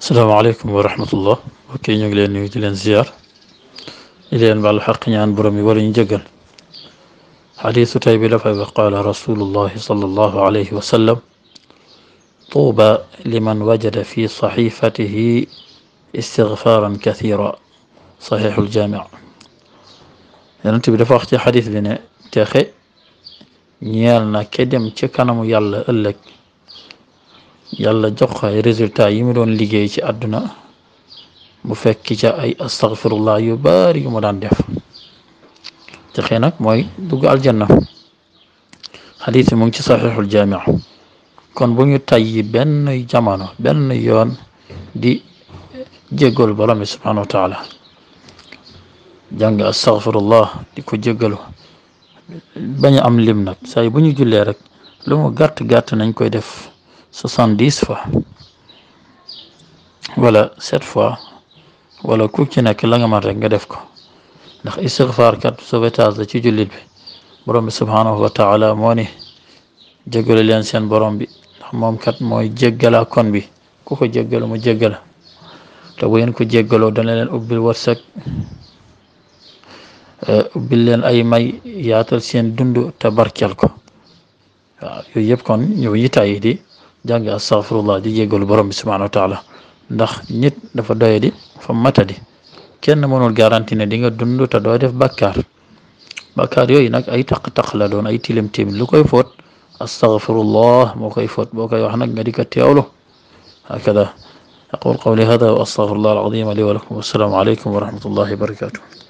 السلام عليكم ورحمة الله وكي نجل نجل نزيار إلى أن بعد الحق نعن برمي ورن جغل حديث تايب لفعب قال رسول الله صلى الله عليه وسلم طوبى لمن وجد في صحيفته استغفارا كثيرا صحيح الجامع يعني انت بدفع حديث بنا تاخي نيالنا كدم تكنا يلا ألك yàlla jox ko résultat yi mu doon liggéey ci àdduna mu fekk ca ay astaghfirullah yu bari yu mu daan def te xëy nag mooy dugg aljanna xadis bi mu ngi ci saxiixul jaamic kon bu ñu tayyi benn jamono benn yoon di jéggalu borom bi subhanahu wa taala jàng astaghfirullah di ko jéggalu bañ am lim nag say bu ñu jullee rek lu mu gàtt gàtt nañ koy def soixante-dix fois wala sept fois wala ku ci nekk la rek nga def ko ndax istigfaar kat sauvetage la ci bi borom bi subhaanahu wa taala moo leen seen borom bi ndax moom kat mooy jéggalaa kon bi ku ko jéggalu mu jéggala te bu ko jéggaloo dana leen ubbil wërsëg euh, ubbil leen ay may yaatal seen dund te barkeel ko waaw yooyu yëpp kon ñëw yi tàyyi jàngi astaghfirullah di jéggalu borom bi subhanahu wa taala ndax nit dafa doye di fa matadi kenn mënul garanti ne di nga dund te def bakkaar bakkaar yooyu nag ay taq-taq la doon ay tilim tilim lu koy foot astaghfirullah moo koy foot boo koy wax nag nga di ko teewlu hakada hada wa astaghfirullah alazim li wa lakum wassalaamu